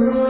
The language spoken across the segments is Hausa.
Lord.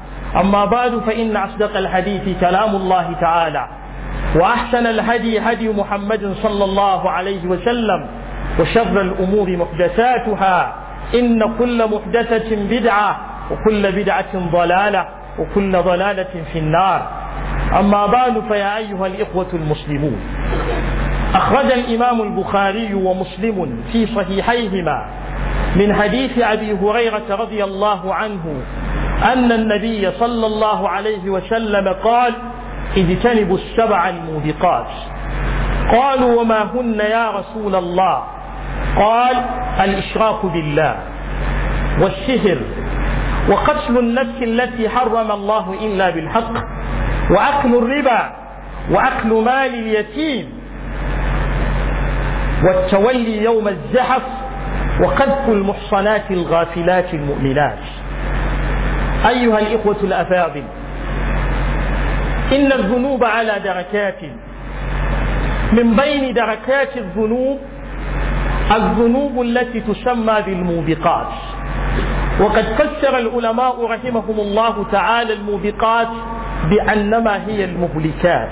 أما بعد فإن أصدق الحديث كلام الله تعالى وأحسن الهدي هدي محمد صلى الله عليه وسلم وشر الأمور محدثاتها إن كل محدثة بدعة وكل بدعة ضلالة وكل ضلالة في النار أما بعد فيا أيها الإخوة المسلمون أخرج الإمام البخاري ومسلم في صحيحيهما من حديث أبي هريرة رضي الله عنه أن النبي صلى الله عليه وسلم قال اجتنبوا السبع الموبقات قالوا وما هن يا رسول الله قال الإشراك بالله والشهر وقتل النفس التي حرم الله إلا بالحق وأكل الربا وأكل مال اليتيم والتولي يوم الزحف وقذف المحصنات الغافلات المؤمنات أيها الإخوة الأفاضل إن الذنوب على دركات من بين دركات الذنوب الذنوب التي تسمى بالموبقات وقد فسر العلماء رحمهم الله تعالى الموبقات بأنما هي المهلكات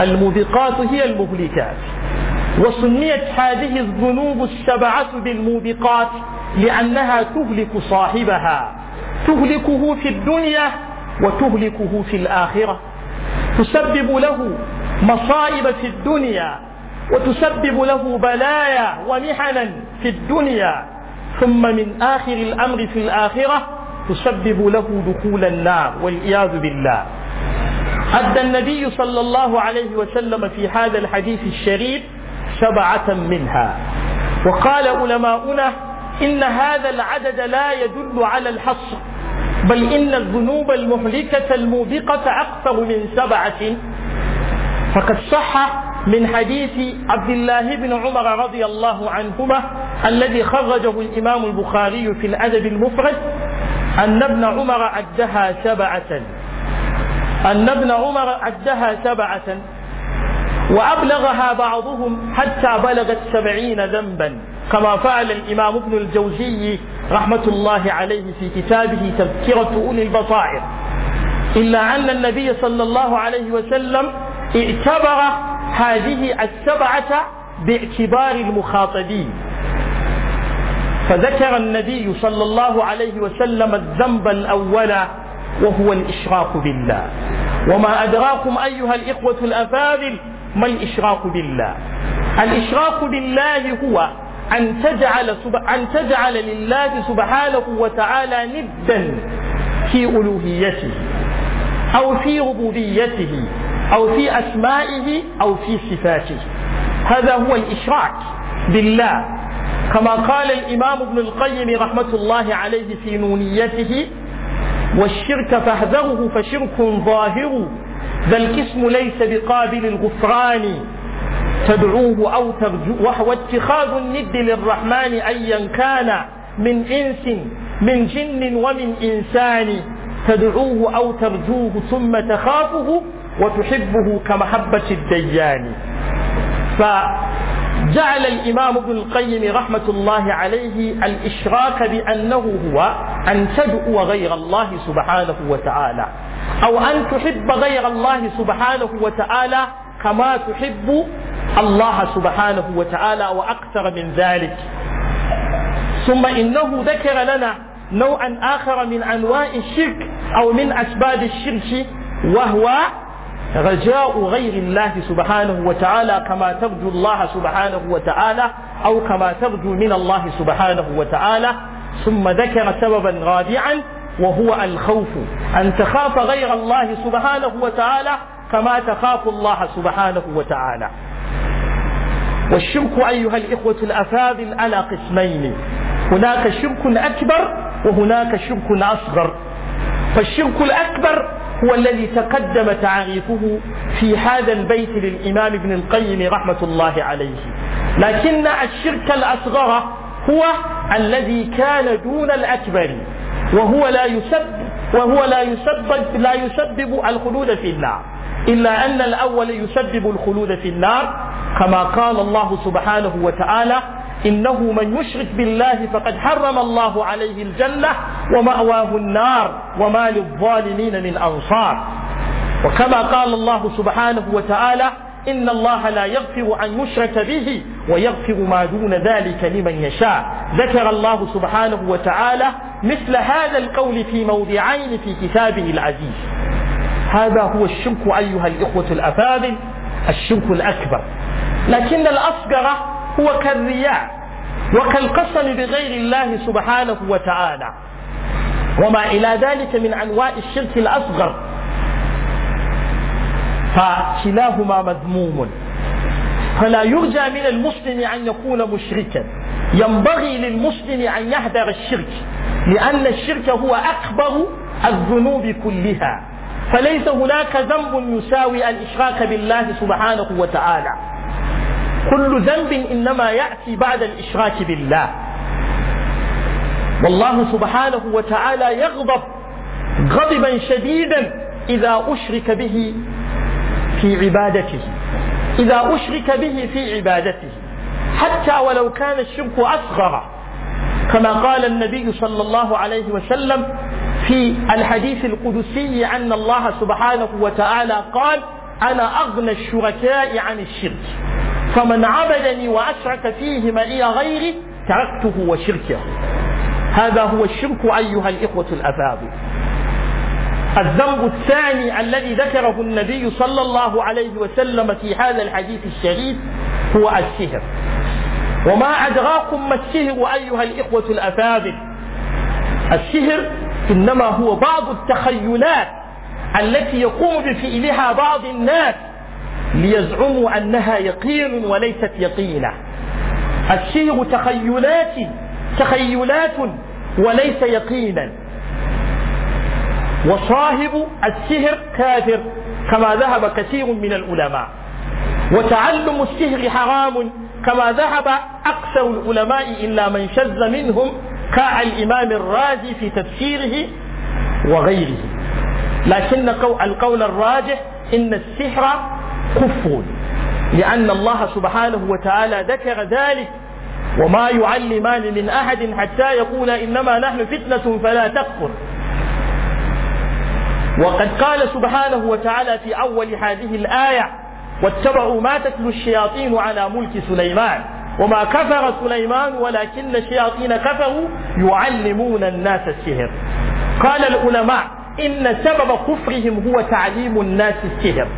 الموبقات هي المهلكات وسميت هذه الذنوب السبعة بالموبقات لأنها تهلك صاحبها تهلكه في الدنيا وتهلكه في الآخرة تسبب له مصائب في الدنيا وتسبب له بلايا ومحنا في الدنيا ثم من آخر الأمر في الآخرة تسبب له دخول النار والعياذ بالله أدى النبي صلى الله عليه وسلم في هذا الحديث الشريف سبعة منها وقال علماؤنا إن هذا العدد لا يدل على الحصر بل إن الذنوب المهلكة الموبقة أكثر من سبعة فقد صح من حديث عبد الله بن عمر رضي الله عنهما الذي خرجه الإمام البخاري في الأدب المفرد أن ابن عمر عدها سبعة أن ابن عمر عدها سبعة وأبلغها بعضهم حتى بلغت سبعين ذنبا كما فعل الإمام ابن الجوزي رحمة الله عليه في كتابه تذكرة أولي البصائر إلا أن النبي صلى الله عليه وسلم اعتبر هذه السبعة باعتبار المخاطبين فذكر النبي صلى الله عليه وسلم الذنب الأول وهو الإشراك بالله وما أدراكم أيها الإخوة الأفاضل ما الإشراك بالله الإشراك بالله هو أن تجعل أن تجعل لله سبحانه وتعالى ندا في ألوهيته أو في ربوبيته أو في أسمائه أو في صفاته هذا هو الإشراك بالله كما قال الإمام ابن القيم رحمة الله عليه في نونيته والشرك فاهذره فشرك ظاهر ذا القسم ليس بقابل الغفران تدعوه أو ترجوه واتخاذ الند للرحمن أيا كان من إنس من جن ومن إنسان تدعوه أو ترجوه ثم تخافه وتحبه كمحبة الديان فجعل الإمام ابن القيم رحمة الله عليه الإشراك بأنه هو أن تدعو غير الله سبحانه وتعالى أو أن تحب غير الله سبحانه وتعالى كما تحب الله سبحانه وتعالى وأكثر من ذلك ثم إنه ذكر لنا نوعا آخر من أنواع الشرك أو من أسباب الشرك وهو رجاء غير الله سبحانه وتعالى كما ترجو الله سبحانه وتعالى أو كما ترجو من الله سبحانه وتعالى ثم ذكر سببا رابعا وهو الخوف أن تخاف غير الله سبحانه وتعالى كما تخاف الله سبحانه وتعالى والشرك أيها الإخوة الأفاضل على قسمين هناك شرك أكبر وهناك شرك أصغر فالشرك الأكبر هو الذي تقدم تعريفه في هذا البيت للإمام ابن القيم رحمة الله عليه لكن الشرك الأصغر هو الذي كان دون الأكبر وهو لا يسبب وهو لا يسبب لا يسبب الخلود في النار إلا أن الأول يسبب الخلود في النار كما قال الله سبحانه وتعالى إنه من يشرك بالله فقد حرم الله عليه الجنة ومأواه النار وما للظالمين من أنصار وكما قال الله سبحانه وتعالى إن الله لا يغفر أن يشرك به ويغفر ما دون ذلك لمن يشاء ذكر الله سبحانه وتعالى مثل هذا القول في موضعين في كتابه العزيز هذا هو الشرك أيها الإخوة الأفاضل الشرك الأكبر لكن الأصغر هو كالرياء وكالقسم بغير الله سبحانه وتعالى وما إلى ذلك من أنواع الشرك الأصغر فكلاهما مذموم فلا يرجى من المسلم أن يكون مشركا ينبغي للمسلم أن يحذر الشرك لأن الشرك هو أكبر الذنوب كلها فليس هناك ذنب يساوي الإشراك بالله سبحانه وتعالى كل ذنب إنما يأتي بعد الإشراك بالله والله سبحانه وتعالى يغضب غضبا شديدا إذا أشرك به في عبادته إذا أشرك به في عبادته حتى ولو كان الشرك أصغر كما قال النبي صلى الله عليه وسلم في الحديث القدسي أن الله سبحانه وتعالى قال أنا أغنى الشركاء عن الشرك فمن عبدني وأشرك فيه معي غيري تركته وشركه هذا هو الشرك أيها الإخوة الأباب الذنب الثاني الذي ذكره النبي صلى الله عليه وسلم في هذا الحديث الشريف هو السهر وما أدراكم ما السهر أيها الإخوة الأفاضل السهر إنما هو بعض التخيلات التي يقوم بفعلها بعض الناس ليزعموا أنها يقين وليست يقينة الشيء تخيلات تخيلات وليس يقينا وصاحب السهر كافر كما ذهب كثير من العلماء وتعلم السهر حرام كما ذهب أكثر العلماء إلا من شذ منهم كالإمام الرازي في تفسيره وغيره لكن القول الراجح إن السحر كفر لأن الله سبحانه وتعالى ذكر ذلك وما يعلمان من أحد حتى يقولا إنما نحن فتنة فلا تكفر وقد قال سبحانه وتعالى في أول هذه الآية واتبعوا ما تتلو الشياطين على ملك سليمان وما كفر سليمان ولكن الشياطين كفروا يعلمون الناس السحر قال العلماء إن سبب كفرهم هو تعليم الناس السحر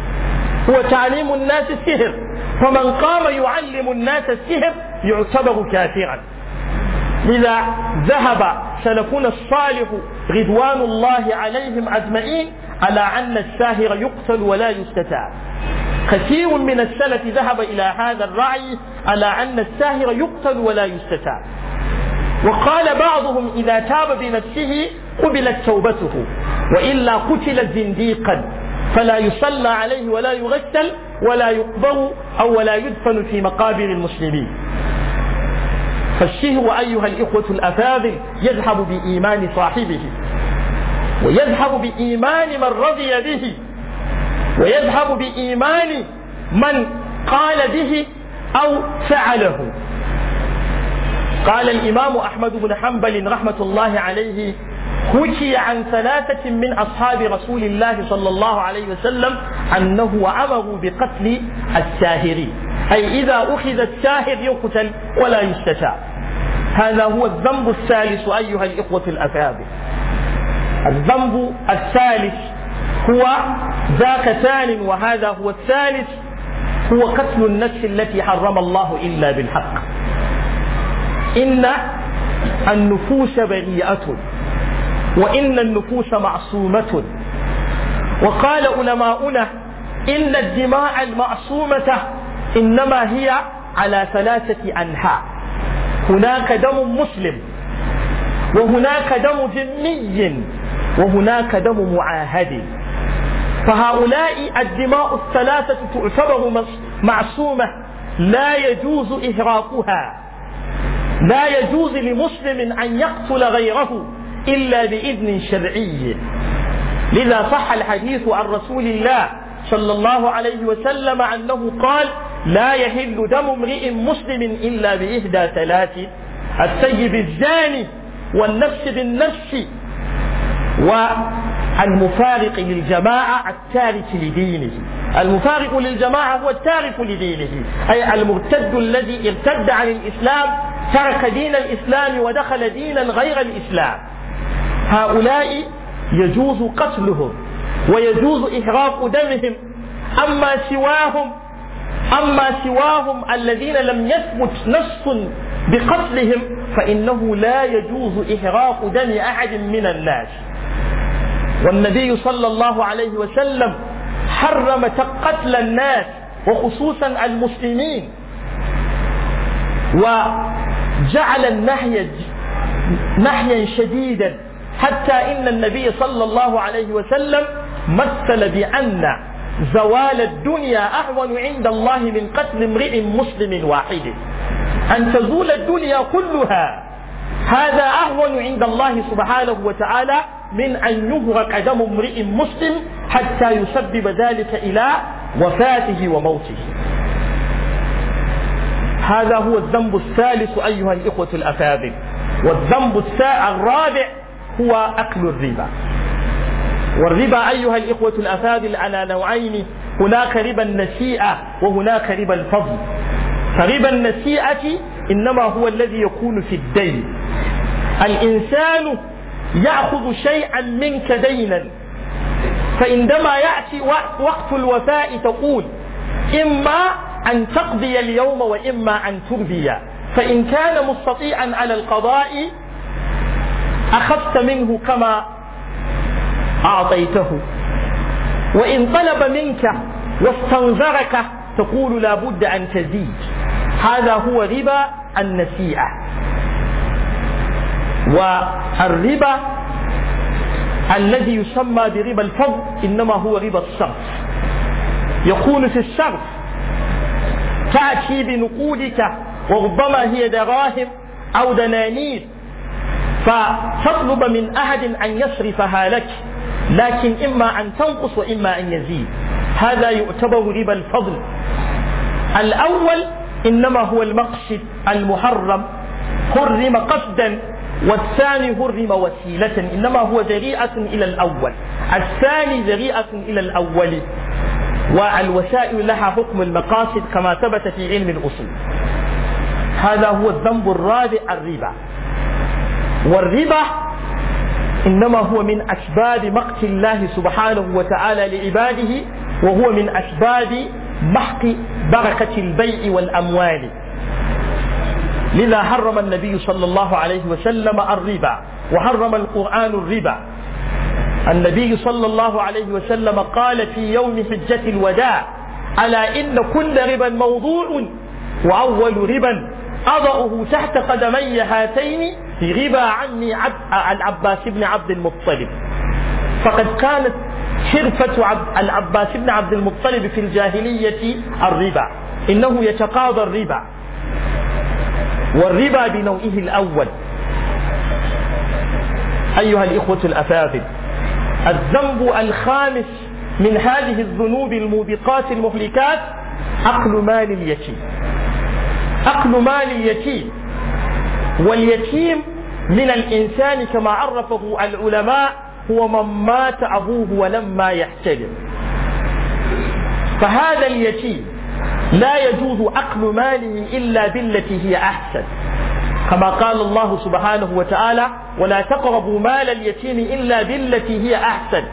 هو تعليم الناس السحر فمن قام يعلم الناس السحر يعتبر كافرا إذا ذهب سلفنا الصالح رضوان الله عليهم أجمعين على أن الساهر يقتل ولا يستتاب كثير من السلف ذهب إلى هذا الرعي على أن الساهر يقتل ولا يستتاب وقال بعضهم إذا تاب بنفسه قبلت توبته وإلا قتل زنديقا فلا يصلى عليه ولا يغسل ولا يقبر أو ولا يدفن في مقابر المسلمين فالشهر أيها الإخوة الأفاضل يذهب بإيمان صاحبه ويذهب بإيمان من رضي به ويذهب بإيمان من قال به أو فعله قال الإمام أحمد بن حنبل رحمة الله عليه حكي عن ثلاثة من أصحاب رسول الله صلى الله عليه وسلم أنه أمروا بقتل الساهر أي إذا أخذ الساهر يقتل ولا يستتاب هذا هو الذنب الثالث أيها الإخوة الأكابر الذنب الثالث هو ذاك ثان وهذا هو الثالث هو قتل النفس التي حرم الله إلا بالحق إن النفوس بريئة وإن النفوس معصومة وقال علماؤنا إن الدماء المعصومة إنما هي على ثلاثة أنحاء هناك دم مسلم وهناك دم ذمي وهناك دم معاهد فهؤلاء الدماء الثلاثة تعتبر معصومة لا يجوز إهراقها لا يجوز لمسلم أن يقتل غيره إلا بإذن شرعي لذا صح الحديث عن رسول الله صلى الله عليه وسلم أنه قال لا يهل دم امرئ مسلم إلا بإحدى ثلاث السيب الزاني والنفس بالنفس و المفارق للجماعة التارك لدينه المفارق للجماعة هو التارك لدينه أي المرتد الذي ارتد عن الإسلام ترك دين الإسلام ودخل دينا غير الإسلام هؤلاء يجوز قتلهم ويجوز إحراق دمهم أما سواهم أما سواهم الذين لم يثبت نص بقتلهم فإنه لا يجوز إحراق دم أحد من الناس والنبي صلى الله عليه وسلم حرم قتل الناس وخصوصا المسلمين وجعل النهي نهيا شديدا حتى ان النبي صلى الله عليه وسلم مثل بان زوال الدنيا اهون عند الله من قتل امرئ مسلم واحد ان تزول الدنيا كلها هذا أهون عند الله سبحانه وتعالى من أن يهرق دم امرئ مسلم حتى يسبب ذلك إلى وفاته وموته هذا هو الذنب الثالث أيها الإخوة الأفاضل والذنب الرابع هو أكل الربا والربا أيها الإخوة الأفاضل على نوعين هناك ربا النسيئة وهناك ربا الفضل فربا النسيئة إنما هو الذي يكون في الدين الإنسان يأخذ شيئا منك دينا فعندما يأتي وقت الوفاء تقول إما أن تقضي اليوم وإما أن تربي فإن كان مستطيعا على القضاء أخذت منه كما أعطيته وإن طلب منك واستنظرك تقول لابد أن تزيد هذا هو ربا النسيئة والربا الذي يسمى بربا الفضل إنما هو ربا الصرف يكون في الصرف تأتي بنقودك وربما هي دراهم أو دنانير فتطلب من أحد أن يصرفها لك لكن إما أن تنقص وإما أن يزيد هذا يعتبر ربا الفضل الأول إنما هو المقصد المحرم حرم قصدا والثاني هرم وسيلة إنما هو ذريعة إلى الأول الثاني ذريعة إلى الأول والوسائل لها حكم المقاصد كما ثبت في علم الأصول هذا هو الذنب الرابع الربا والربا إنما هو من أسباب مقت الله سبحانه وتعالى لعباده وهو من أسباب محق بركة البيع والأموال لذا حرم النبي صلى الله عليه وسلم الربا وحرم القرآن الربا النبي صلى الله عليه وسلم قال في يوم حجة الوداع ألا إن كل ربا موضوع وأول ربا أضعه تحت قدمي هاتين ربا عني عب... العباس بن عبد المطلب فقد كانت شرفة العباس بن عبد المطلب في الجاهلية الربا إنه يتقاضى الربا والربا بنوعه الأول أيها الإخوة الأفاضل الذنب الخامس من هذه الذنوب الموبقات المهلكات أكل مال اليتيم أكل مال اليتيم واليتيم من الإنسان كما عرفه العلماء هو من مات أبوه ولما يحتلم فهذا اليتيم لا يجوز عقل ماله إلا بالتي هي أحسن كما قال الله سبحانه وتعالى ولا تقربوا مال اليتيم إلا بالتي هي أحسن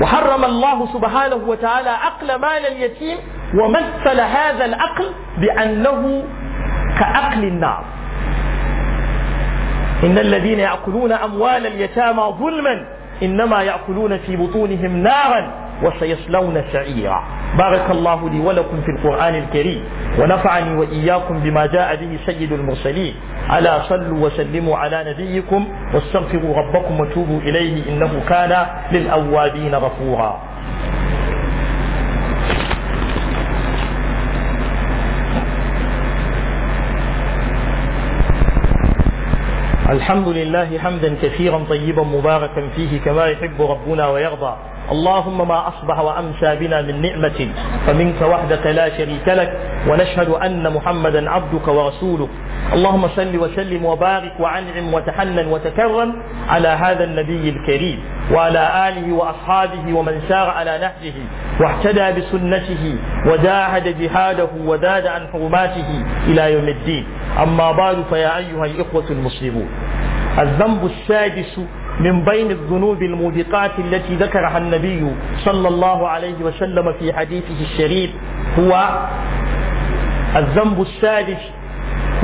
وحرم الله سبحانه وتعالى عقل مال اليتيم ومثل هذا العقل بأنه كعقل النار إن الذين يأكلون أموال اليتامى ظلما إنما يأكلون في بطونهم نارا وسيصلون سعيرا بارك الله لي ولكم في القرآن الكريم ونفعني وإياكم بما جاء به سيد المرسلين ألا صلوا وسلموا على نبيكم واستغفروا ربكم وتوبوا إليه إنه كان للأوابين غفورا الحمد لله حمدا كثيرا طيبا مباركا فيه كما يحب ربنا ويرضى اللهم ما أصبح وأمسى بنا من نعمة فمنك وحدك لا شريك لك ونشهد أن محمدا عبدك ورسولك اللهم صل وسلم وبارك وعنعم وتحنن وتكرم على هذا النبي الكريم وعلى آله وأصحابه ومن سار على نهجه واهتدى بسنته وجاهد جهاده وزاد عن حرماته إلى يوم الدين أما بعد فيا أيها الإخوة المسلمون الذنب السادس من بين الذنوب الموبقات التي ذكرها النبي صلى الله عليه وسلم في حديثه الشريف هو الذنب السادس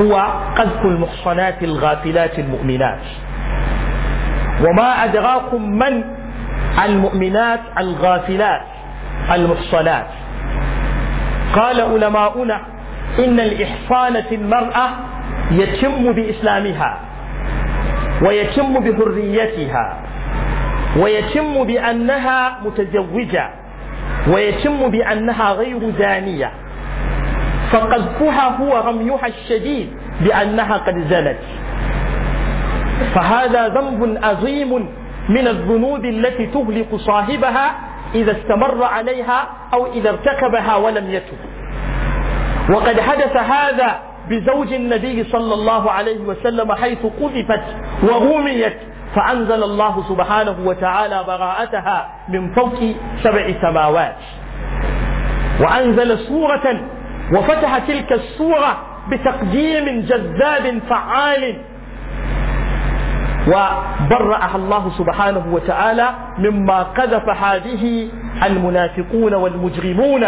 هو قذف المحصنات الغافلات المؤمنات وما أدراكم من المؤمنات الغافلات المحصنات قال علماؤنا إن الإحصان في المرأة يتم بإسلامها ويتم بحريتها ويتم بأنها متزوجة ويتم بأنها غير زانية فقذفها هو رميها الشديد بأنها قد زنت فهذا ذنب عظيم من الذنوب التي تهلك صاحبها إذا استمر عليها أو إذا ارتكبها ولم يتب وقد حدث هذا بزوج النبي صلى الله عليه وسلم حيث قذفت ورميت فأنزل الله سبحانه وتعالى براءتها من فوق سبع سماوات وأنزل سورة وفتح تلك السورة بتقديم جذاب فعال وبرأها الله سبحانه وتعالى مما قذف هذه المنافقون والمجرمون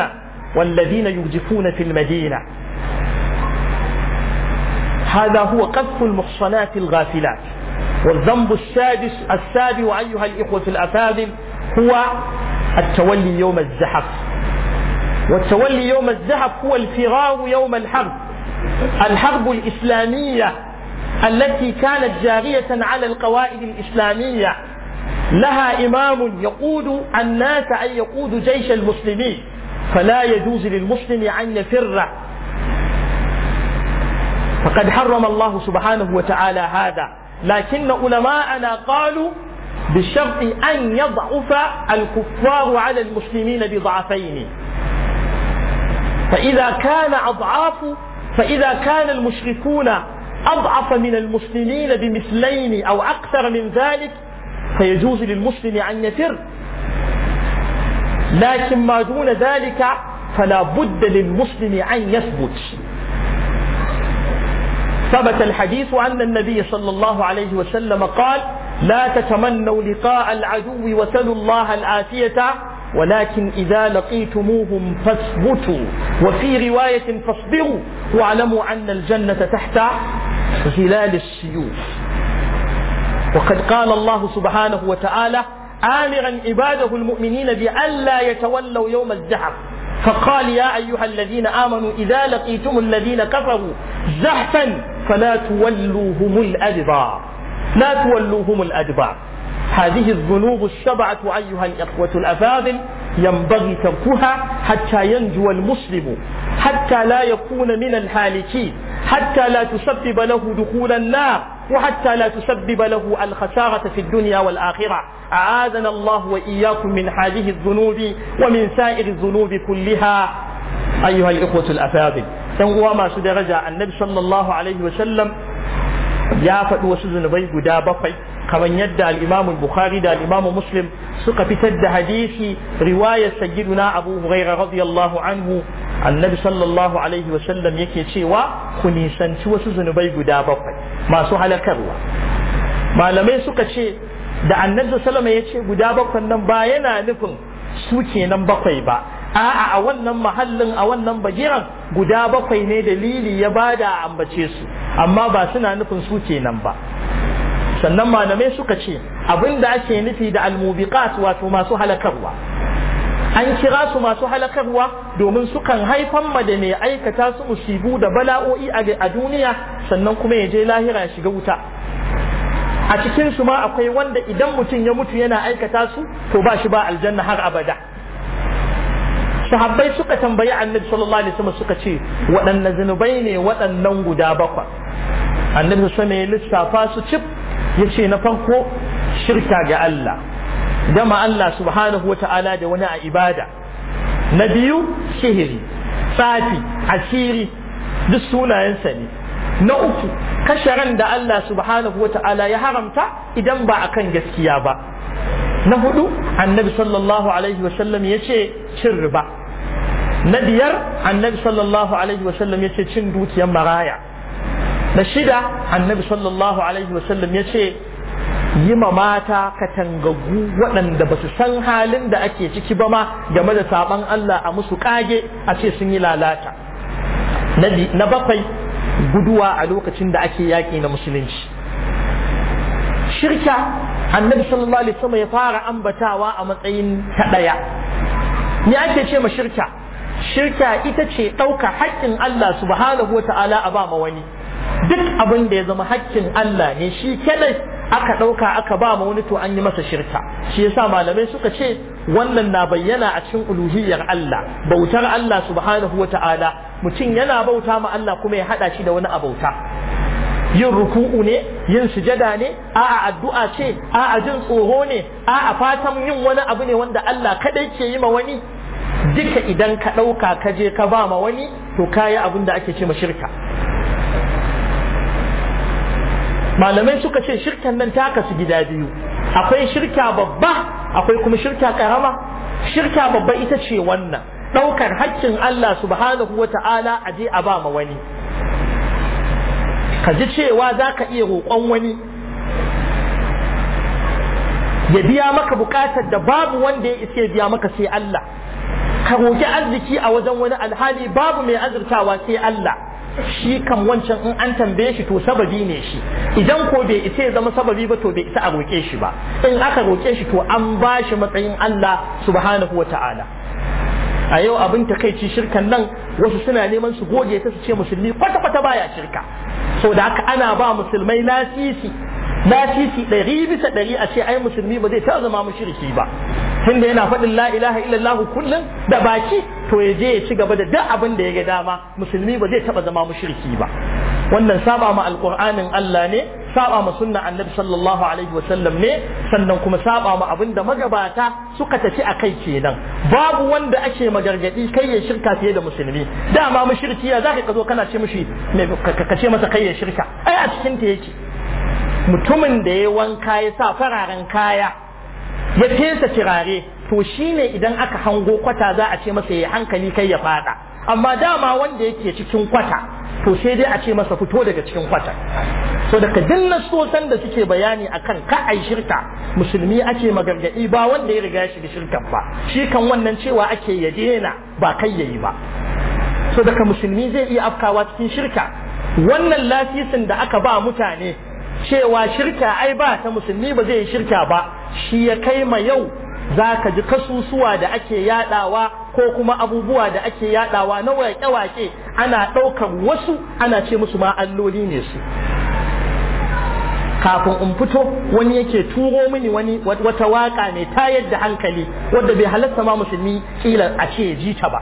والذين يرجفون في المدينة هذا هو قذف المحصنات الغافلات والذنب السادس السابع أيها الإخوة الأفاضل هو التولي يوم الزحف والتولي يوم الزحف هو الفرار يوم الحرب الحرب الإسلامية التي كانت جارية على القواعد الإسلامية لها إمام يقود الناس أن يقود جيش المسلمين فلا يجوز للمسلم أن يفر فقد حرم الله سبحانه وتعالى هذا لكن علماءنا قالوا بشرط أن يضعف الكفار على المسلمين بضعفين فإذا كان أضعاف فإذا كان المشركون أضعف من المسلمين بمثلين أو أكثر من ذلك فيجوز للمسلم أن يفر لكن ما دون ذلك فلا بد للمسلم أن يثبت ثبت الحديث أن النبي صلى الله عليه وسلم قال لا تتمنوا لقاء العدو وسلوا الله العافية ولكن إذا لقيتموهم فاثبتوا وفي رواية فاصبروا واعلموا أن الجنة تحت ظلال السيوف وقد قال الله سبحانه وتعالى آمرا عباده المؤمنين بألا يتولوا يوم الزحف فقال يا أيها الذين آمنوا إذا لقيتم الذين كفروا زحفا فلا تولوهم الأدبار لا تولوهم الأدبار هذه الذنوب السبعة أيها الإخوة الأفاضل ينبغي تركها حتى ينجو المسلم حتى لا يكون من الهالكين حتى لا تسبب له دخول النار وحتى لا تسبب له الخسارة في الدنيا والآخرة أعاذنا الله وإياكم من هذه الذنوب ومن سائر الذنوب كلها أيها الإخوة الأفاضل تنقوا ما درجة النبي صلى الله عليه وسلم ya faɗi wasu zunubai guda bakwai kamar yadda al Bukhari da al Muslim suka fitar da hadisi riwayar sayyiduna Abu Hurairah radiyallahu anhu annabi sallallahu alaihi wa sallam yake cewa ku nisanci wasu zunubai guda bakwai masu halakarwa malamai suka ce da annabi sallama ya ce guda bakwai nan ba yana nufin su kenan bakwai ba a'a a wannan mahallin a wannan bagiran guda bakwai ne dalili ya bada ambace su amma ba suna nufin su kenan ba sannan malamai suka ce abin da ake nufi da almubiqat wato masu halakarwa an kira su masu halakarwa domin sukan haifan mada da mai aikata su musibu da bala'o'i a duniya sannan kuma ya je lahira ya shiga wuta a cikin su ma akwai wanda idan mutum ya mutu yana aikata su to ba shi ba aljanna har abada sahabbai suka tambayi annabi sallallahu alaihi wasallam suka ce waɗanne zunubai ne waɗannan guda bakwai annabi sama ya lissafa su cif ya ce na farko shirka ga Allah gama Allah subhanahu wa ta'ala da wani a ibada na biyu sihiri tsafi asiri duk sunayensa ne na uku kashe ran da Allah subhanahu wa ta'ala ya haramta idan ba akan gaskiya ba na hudu annabi sallallahu alaihi wasallam ya ce cin riba na biyar annabi sallallahu alaihi wasallam ya ce cin dukiyar maraya da shida annabi sallallahu alaihi wasallam ya ce yi ma mata katangaggu waɗanda ba su san halin da ake ciki ba ma game da saban Allah a musu kage a ce sun yi lalata na bakwai guduwa a lokacin da ake yaƙi na musulunci shirka annabi sallallahu alaihi wasallam ya fara ambatawa a matsayin ta ɗaya me ake ce ma shirka shirka ita ce ɗauka haƙƙin Allah subhanahu wa ta'ala a ba ma wani duk abin da ya zama hakkin Allah ne shi kenan aka ɗauka aka ba ma wani to an yi masa shirka shi yasa malamai suka ce wannan na bayyana a cikin uluhiyyar Allah bautar Allah subhanahu wa ta'ala mutum yana bauta ma Allah kuma ya haɗa shi da wani abauta yin ruku'u ne yin sujada ne a'a addu'a ce a'a jin tsoro ne a'a fatan yin wani abu ne wanda Allah kadai ke yi ma wani duka idan ka ɗauka ka je ka ba ma wani to kayi abin da ake ce ma shirka malamai suka ce shirkan nan ta kasu gida biyu akwai shirka babba akwai kuma shirka karama shirka babba ita ce wannan ɗaukar haƙƙin Allah subhanahu wa ta'ala a je a ba ma wani ka ji cewa za ka iya roƙon wani ya biya maka buƙatar da babu wanda ya iske biya maka sai Allah ka roƙi arziki a wajen wani alhali babu mai azurtawa sai Allah shi kan wancan in an tambaye shi to sababi ne shi idan ko bai isa ya zama sababi ba to bai isa a roƙe shi ba in aka roƙe shi to an ba shi matsayin Allah subhanahu wa ta'ala a yau abin takaici shirkan nan wasu suna neman su goge ta su ce musulmi kwata-kwata baya shirka sau da haka ana ba musulmai lasisi na titi ɗari bisa ɗari a ce ai musulmi ba zai taɓa zama mushriki ba tunda yana faɗin la ilaha illallah kullum da baki to ya je ya ci gaba da duk abin da ya ga dama musulmi ba zai taɓa zama mushriki ba wannan saba ma alƙur'anin Allah ne saba ma sunna annabi sallallahu alaihi wa sallam ne sannan kuma saba ma abin da magabata suka tafi a kai kenan babu wanda ake magargadi kai ya shirka fiye da musulmi dama mushriki ya zaka ka kana ce mishi ka ce masa kai ya shirka ai a cikin ta yake mutumin da ya wanka ya sa fararen kaya ya fesa kirare to shine idan aka hango kwata za a ce masa ya hankali kai ya fada amma dama wanda yake cikin kwata to sai dai a ce masa fito daga cikin kwata so daga duk nasosan da suke bayani akan ka ai shirka musulmi ake magargadi ba wanda ya riga shi da shirkan ba shi kan wannan cewa ake ya daina ba kai yayi ba so daga musulmi zai iya afkawa cikin shirka wannan lasisin da aka ba mutane cewa shirka ai ba ta musulmi ba zai yi shirka ba shi ya kai ma yau za ka ji kasusuwa da ake yadawa ko kuma abubuwa da ake yadawa na waƙe-waƙe ana ɗaukar wasu ana ce musu ma alloli ne su kafin in fito wani yake turo mini wani wata waka mai tayar da hankali wadda bai halatta ma musulmi kila a ce ya ji ta ba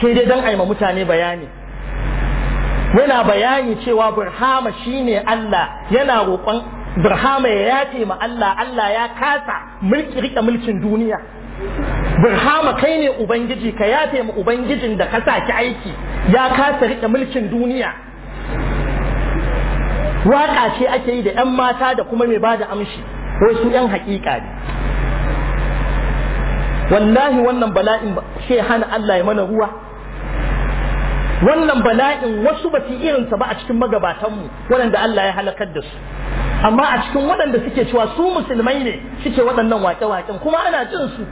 sai dai don aima mutane bayani yana bayani cewa burhama shine Allah yana roƙon burhama ya yafe ma Allah Allah ya kasa mulki rike mulkin duniya burhama kai ne ubangiji ka yafe ma ubangijin da ka saki aiki ya kasa rike mulkin duniya waka ce ake yi da yan mata da kuma mai bada amshi ko su yan hakika ne wallahi wannan bala'in sai hana Allah ya mana ruwa wannan bala'in wasu ba su sa ba a cikin magabatanmu waɗanda Allah ya halakar da su amma a cikin waɗanda suke cewa su musulmai ne suke waɗannan waƙe-waƙen kuma ana jin su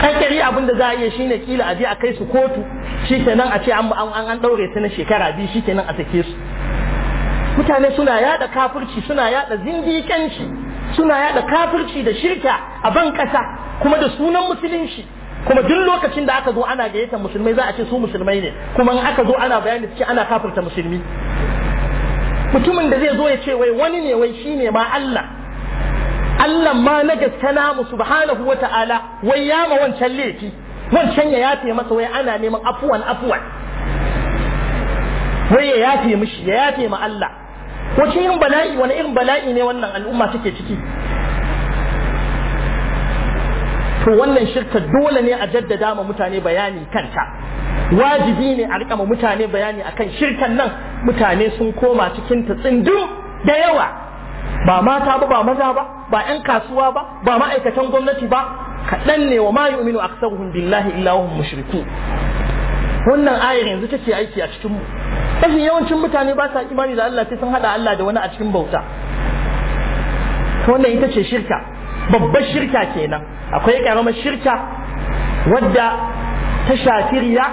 kankari abin da za a iya shine kila a je a kai su kotu shi kenan a ce an an an daure su na shekara biyu kenan a sake su mutane suna yaɗa kafirci suna yada zindikanci suna yaɗa kafirci da shirka a ban kasa kuma da sunan musulunci kuma duk lokacin da aka zo ana gayyatar musulmai za a ce su musulmai ne kuma in aka zo ana bayani cikin ana kafirta musulmi mutumin da zai zo ya ce wai wani ne wai shine ma Allah Allah ma na gaske namu subhanahu wa ta'ala wai ya ma wancan laifi wancan ya yafe masa wai ana neman afuwan afuwan wai ya yafe mishi ya yafe ma Allah wace bala'i wani irin bala'i ne wannan al'umma take ciki to wannan shirka dole ne a jaddada ma mutane bayani kanta wajibi ne a rika ma mutane bayani akan shirkan nan mutane sun koma cikin ta tsindu da yawa ba mata ba ba maza ba ba yan kasuwa ba ba ma'aikatan gwamnati ba kaɗan ne wa ma yu'minu aksaruhum billahi illa hum mushriku wannan ayar yanzu take aiki a cikin mu yawancin mutane ba sa imani da Allah sai sun hada Allah da wani a cikin bauta wannan ita ce shirka babbar shirka kenan akwai karamar shirka wadda ta shafi riya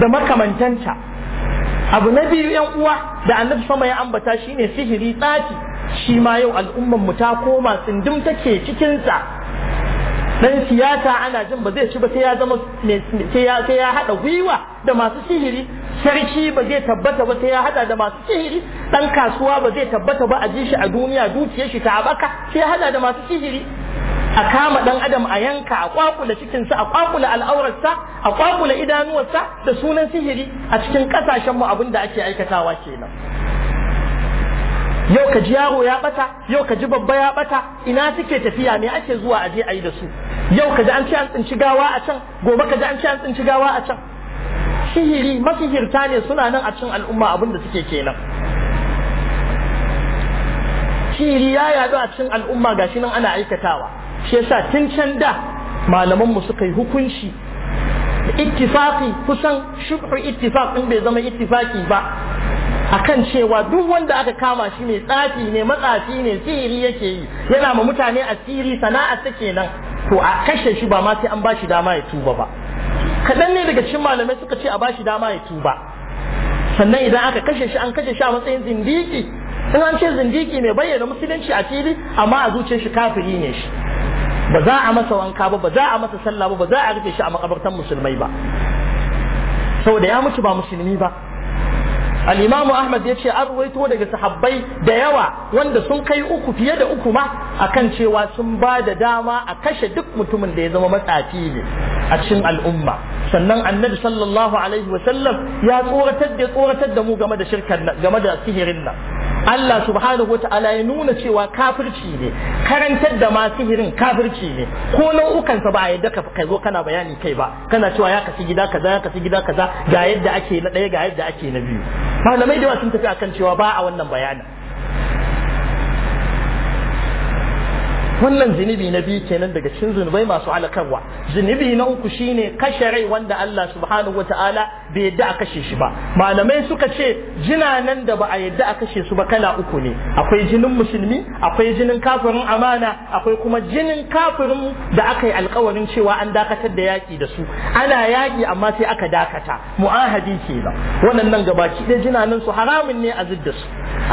da makamantanta abu na biyu yan uwa da annabi sama ya ambata shine sihiri tsafi shi ma yau al'umman mu ta koma tsindim take cikin sa dan siyasa ana jin ba zai ci ba sai ya zama sai ya sai ya hada gwiwa da masu sihiri sarki ba zai tabbata ba sai ya hada da masu sihiri dan kasuwa ba zai tabbata ba a ji shi a duniya dukiyar shi ta abaka sai ya hada da masu sihiri a kama dan adam a yanka a kwakula cikinsa a kwakula al'aurarsa a kwakula idanuwarsa da sunan sihiri a cikin kasashenmu abin da ake aikatawa kenan yau ka ji yaro ya bata yau ka ji babba ya bata ina suke tafiya me ake zuwa aje ayi da su yau ka ji an ci an tsinci gawa a can gobe ka ji an ci an tsinci gawa a can sihiri masihirta ne suna nan a cikin al'umma abin da suke kenan sihiri ya yadu a cikin al'umma gashi nan ana aikatawa shi yasa tun can da malaman mu suka yi hukunci ittifaqi kusan shubhu ittifaqin bai zama ittifaqi ba akan cewa duk wanda aka kama shi mai tsafi ne matsafi ne sihiri yake yi yana ma mutane asiri sana'a ta kenan to a kashe shi ba ma sai an bashi dama ya tuba ba kaɗan ne daga cikin malamai suka ce a bashi dama ya tuba sannan idan aka kashe shi an kashe shi a matsayin zindiki in an ce zindiki mai bayyana musulunci a fili amma a zuciyar shi kafiri ne shi ba za a masa wanka ba ba za a masa sallah ba ba za a rufe shi a makabartan musulmai ba saboda ya mutu ba musulmi ba al-imamu ahmad ya ce an ruwaito daga sahabbai da yawa wanda sun kai uku fiye da uku ma akan cewa sun ba da dama a kashe duk mutumin da ya zama matsafi ne a cikin al'umma sannan annabi sallallahu alaihi sallam ya tsoratar da tsoratar da mu game da shirkan game da sihirin nan Allah subhanahu wa ta'ala ya nuna cewa kafirci ne karantar da masu hirin kafirci ne ko nau'ukansa ba a yadda ka kai zo kana bayani kai ba kana cewa ya kafi gida kaza ya kasi gida kaza ga yadda ake na ɗaya ga yadda ake na biyu malamai da sun tafi akan cewa ba a wannan bayanin wannan zunubi na biyu kenan daga cikin zunubai masu alakarwa zunubi na uku shine kashe rai wanda Allah subhanahu wataala bai yadda a kashe shi ba malamai suka ce jinanan da ba a yadda a kashe su ba kala uku ne akwai jinin musulmi akwai jinin kafirin amana akwai kuma jinin kafirin da aka yi alkawarin cewa an dakatar da yaki da su ana yaki amma sai aka dakata mu'ahadi kenan waɗannan ki ɗaya jina su haramun ne a zidda su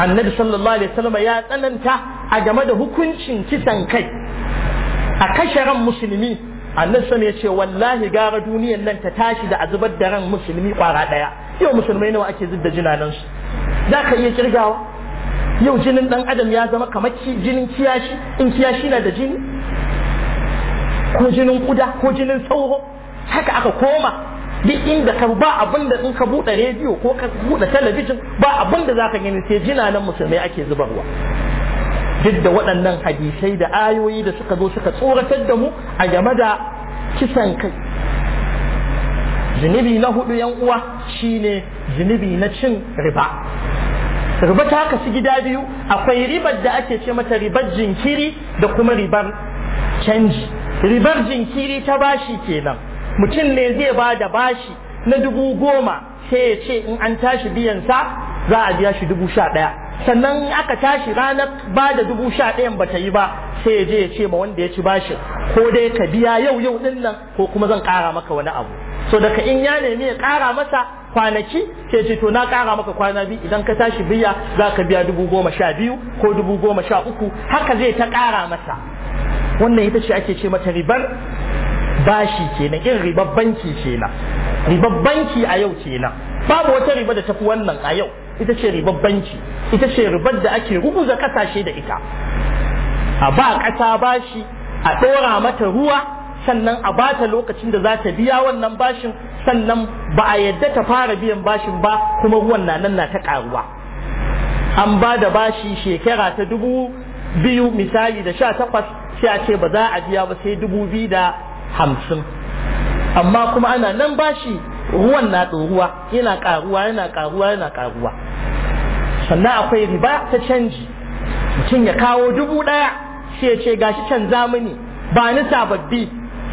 annabi sallallahu alaihi wasallam ya tsananta a game da hukuncin kisan kai a kashe ran musulmi annabi sama ya ce wallahi gara duniyar nan ta tashi da a zubar da ran musulmi kwara daya yau musulmai nawa ake zubda jinanan su da ka iya kirgawa yau jinin dan adam ya zama kamar jinin kiyashi in kiyashi na da jini ko jinin kuda ko jinin sauro haka aka koma duk inda ka ba abinda in ka buɗe rediyo ko ka buɗe talabijin ba abinda da za ka gani sai jinanan musulmai ake zubarwa duk waɗannan hadisai da ayoyi da suka zo suka tsoratar da mu a game da kisan kai zunubi na hudu yan uwa shine zunubi na cin riba riba ta kasu gida biyu akwai ribar da ake ce mata ribar jinkiri da kuma ribar canji ribar jinkiri ta bashi kenan mutum ne zai ba da bashi na dubu goma sai ya ce in an tashi biyansa za a biya shi dubu sha ɗaya sannan aka tashi ranar ba da dubu sha ɗayan ba ta yi ba sai je ya ce ma wanda ya ci bashin ko dai ka biya yau yau ɗin nan ko kuma zan ƙara maka wani abu so daga in ya nemi ya ƙara masa kwanaki ke ce to na ƙara maka kwana biyu idan ka tashi biya za ka biya dubu goma sha biyu ko dubu goma sha uku haka zai ta ƙara masa wannan ita ce ake ce mata ribar bashi kenan irin ribar banki kenan ribar banki a yau kenan babu wata riba da tafi wannan a yau ita ce ribar banki ita ce ribar da ake ruguza kasashe da ita a ba ƙasa bashi a ɗora mata ruwa sannan a ba ta lokacin da za ta biya wannan bashin sannan ba a yadda ta fara biyan bashin ba kuma ruwan na nan na ta ƙaruwa an ba da bashi shekara ta dubu biyu misali da sha takwas sai a ce ba za a biya ba sai dubu biyu da hamsin amma kuma ana nan bashi ruwan na ɗoruwa yana ƙaruwa yana ƙaruwa yana ƙaruwa sannan akwai riba ta canji mutum ya kawo dubu ɗaya sai ya ce gashi can zamani ba ni sababbi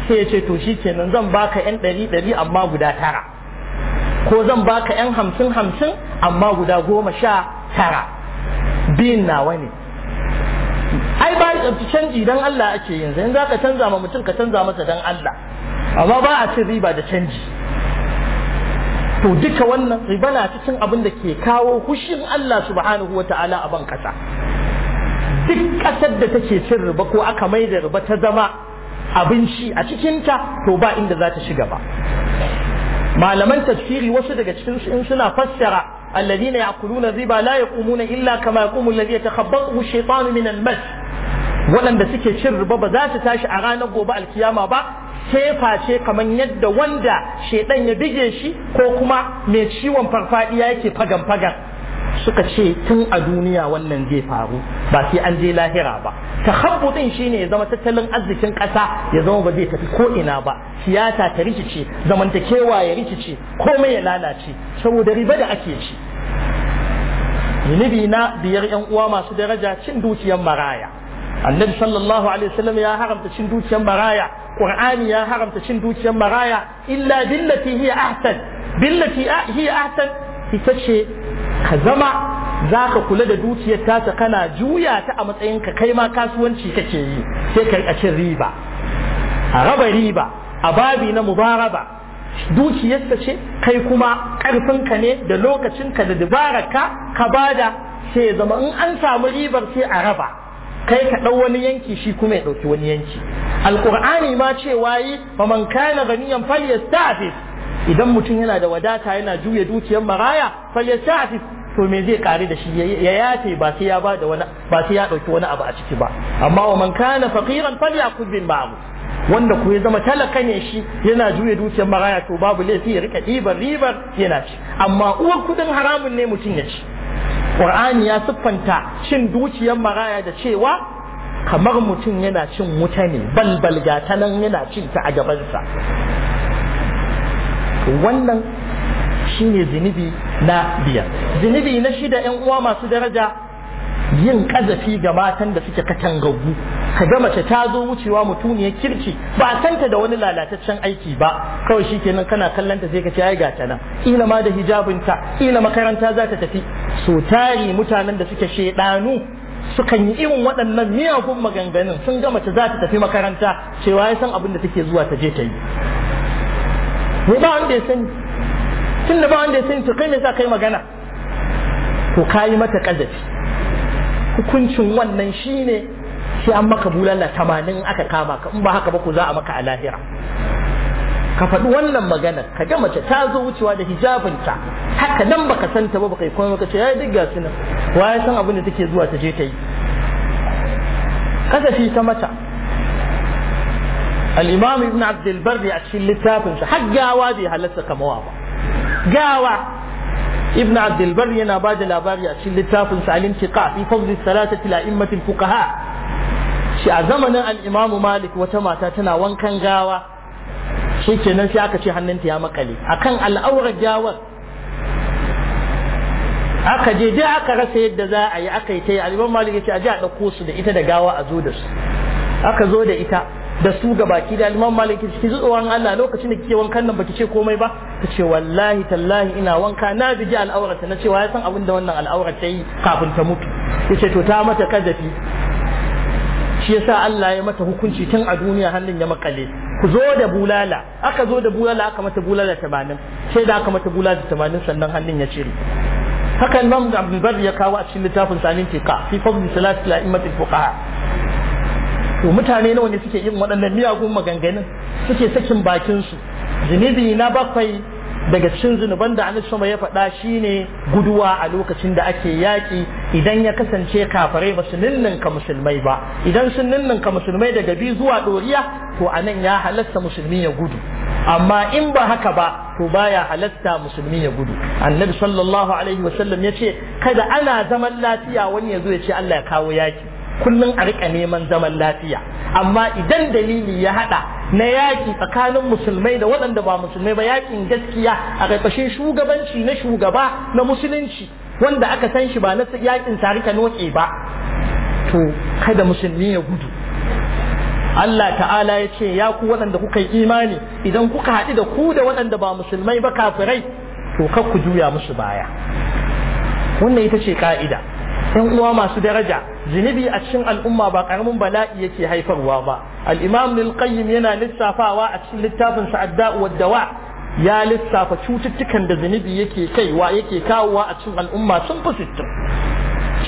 sai ya ce to shi kenan zan baka yan ɗari ɗari amma guda tara ko zan baka yan hamsin hamsin amma guda goma sha tara biyun nawa ne ai ba tsabci canji dan Allah ake yanzu yanzu ka canza ma mutum ka canza masa dan Allah amma ba a cin riba da canji to duka wannan ribana cikin abin da ke kawo hushin Allah subhanahu wa ta'ala a ban kasa duk kasar da take cin riba ko aka mai da riba ta zama abinci a cikinta to ba inda za ta shiga ba malaman tafsiri wasu daga cikin su in suna fassara alladhina yaquluna riba la yaqumuna illa kama yaqumu alladhi yatakhabbathu ash-shaytanu min al-mas waɗanda suke cin riba ba za su tashi a ranar gobe alkiyama ba sefa ce kamar yadda wanda shedan ya bige shi ko kuma mai ciwon farfadiya yake fagan fagan suka ce tun a duniya wannan zai faru ba sai an je lahira ba ɗin shine ya zama tattalin arzikin ƙasa ya zama ba zai tafi ko ina ba siyasa ta rikice zamantakewa ya rikice komai ya lalace saboda riba da ake ci zunubi na biyar yan uwa masu daraja cin dukiyar maraya annabi sallallahu alaihi wasallam ya haramta cin dukiyar maraya qur'ani ya haramta cin dukiyar maraya illa billati hiya ahsan billati hiya ahsan ita ce ka zama za ka kula da dukiyar ta kana juya ta a matsayinka kai ma kasuwanci kake yi sai ka rika cin riba a raba riba a babi na mubaraba ta ce kai kuma ƙarfinka ne da lokacinka da dabararka ka bada sai zama in an samu ribar sai a raba kai ka ɗau wani yanki shi kuma ya ɗauki wani yanki alƙur'ani ma cewa yi fa man kana ganiyan falyastafis idan mutum yana da wadata yana juya dukiyar maraya falyastafis to me zai ƙare da shi ya yace ba sai ya bada wani ba sai ya ɗauki wani abu a ciki ba amma wa man kana faqiran falyakul bil ma'ruf wanda ku ya zama talaka ne shi yana juya dukiyar maraya to babu laifi ya rika ɗibar ribar yana ci amma uwar kudin haramun ne mutum ya ci Qur'ani ya siffanta cin dukiyar maraya da cewa kamar mutum yana cin wuta ne balbal ta nan yana cin ta a gabansa wannan shine zinubi na biyar zinubi na shida yan uwa masu daraja yin kazafi ga matan da suke katangagu ka ga mace ta zo wucewa mutuniyar kirki ba a santa da wani lalataccen aiki ba kawai shi kenan kana kallanta sai ka ce ai gata nan ila ma da hijabinta ila makaranta za ta tafi so tari mutanen da suke shedanu sukan yi irin waɗannan miyagun maganganun sun ga mace za ta tafi makaranta cewa ya san abin da take zuwa ta je ta yi ne ba wanda ya sani tun da ba wanda ya sani to kai ne za ka yi magana to ka yi mata kazafi hukuncin wannan shi ne sai an maka bulala tamanin aka kama ka in ba haka ba ku za a maka a lahira ka faɗi wannan maganar ka ga mace ta zo wucewa da hijabinta haka nan baka santa ba baka yi kuma ka ce ya duk gasu nan ya san abin da take zuwa ta je ta yi kasafi ta mata al-imam ibn abd al-barri a cikin littafin shi har gawa bai halatta kamawa ba gawa ibn abdul yana ba da labari a cikin littafin sa al-intiqa fi fadl salatati la'immatil fuqaha shi a zamanin al-imamu malik wata mata tana wankan gawa shi kenan sai aka ce hannunta ya makale akan al'aurar gawar aka je je aka rasa yadda za a yi aka yi ta yi al malik ya ce a je a ɗauko su da ita da gawa a zo da su aka zo da ita da su ga baki da Imam Malik ki ji tsoron Allah lokacin da kike wankan nan baki ce komai ba ta ce wallahi tallahi ina wanka na biji al'aurata na cewa ya san abin da wannan al'aura yi kafin ta mutu yace to ta mata kazafi shi yasa Allah ya mata hukunci tun a duniya hannun ya makale ku zo da bulala aka zo da bulala aka mata bulala 80 sai da aka mata bulala 80 sannan hannun ya cire haka Imam Abdul Barr ya kawo a cikin littafin Sanin Tika fi fadl salat la'imat fuqaha to mutane nawa ne suke yin waɗannan miyagun maganganun suke sakin bakin su? zunubi na bakwai daga cikin zunuban da annabi ya faɗa shine guduwa a lokacin da ake yaƙi idan ya kasance kafare ba su ninninka musulmai ba idan sun ninninka musulmai daga biyu zuwa ɗoriya to anan ya halasta musulmi ya gudu amma in ba haka ba to baya halasta musulmi ya gudu annabi sallallahu alaihi wasallam ya ce kada ana zaman lafiya wani ya zo ya ce Allah ya kawo yaƙi kullum a riƙa neman zaman lafiya amma idan dalili ya haɗa na yaƙi tsakanin musulmai da waɗanda ba musulmai ba yaƙin gaskiya a ƙarƙashin shugabanci na shugaba na musulunci wanda aka san shi ba na yakin tarika noke ba to kada musulmi ya gudu Allah ta'ala ya ce ya ku waɗanda kuka yi imani idan kuka haɗu da ku da waɗanda ba musulmai ba kafirai to kar ku juya musu baya wannan ita ce ka'ida yan uwa masu daraja zunubi a cikin al'umma ba karamin bala'i yake haifarwa ba al-imam yana lissafawa a cikin littafin sa'adda wadda dawa ya lissafa cututtukan da zunubi yake kaiwa yake kawowa a cikin al'umma sun fi sittin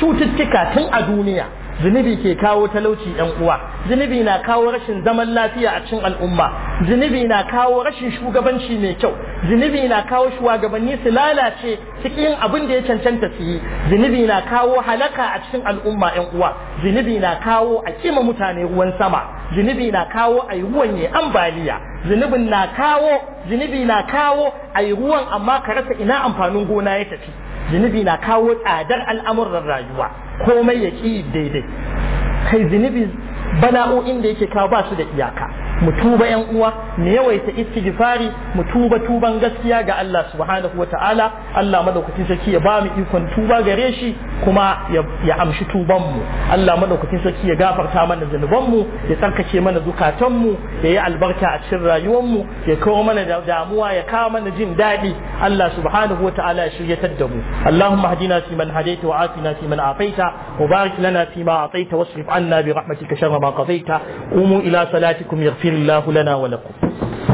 cututtuka tun a duniya zunubi ke kawo talauci yan uwa zunubi na kawo rashin zaman lafiya a cikin al'umma zunubi na kawo rashin shugabanci mai kyau zunubi na kawo shugabanni su lalace cikin abin da ya cancanta su yi zunubi na kawo halaka a cikin al'umma yan uwa zunubi na kawo a kima mutane ruwan sama zunubi na kawo a yi ruwan ya ambaliya zunubin na kawo zunubi na kawo a yi ruwan amma ka rasa ina amfanin gona ya tafi zunubi na kawo tsadar al'amuran rayuwa komai ya ƙi daidai kai zunubi bana'o'in da yake kawo ba su da iyaka mu tuba yan uwa mu yawaita istighfari mu tuba tuban gaskiya ga Allah subhanahu ta'ala Allah madaukakin sarki ya ba mu ikon tuba gare shi kuma ya amshi tuban mu Allah madaukakin sarki ya gafarta mana zunubanmu mu ya tsarkake mana zukatan mu ya yi albarka a cikin rayuwar mu ya kawo mana damuwa ya kawo mana jin daɗi Allah subhanahu ta'ala ya shiryatar da mu Allahumma hadina fi man hadaita wa atina fi man afaita wa barik lana fi ma ataita wasrif anna bi rahmatika sharra ma qadaita umu ila salatikum yaghfir yaghfir Allah lana wa lakum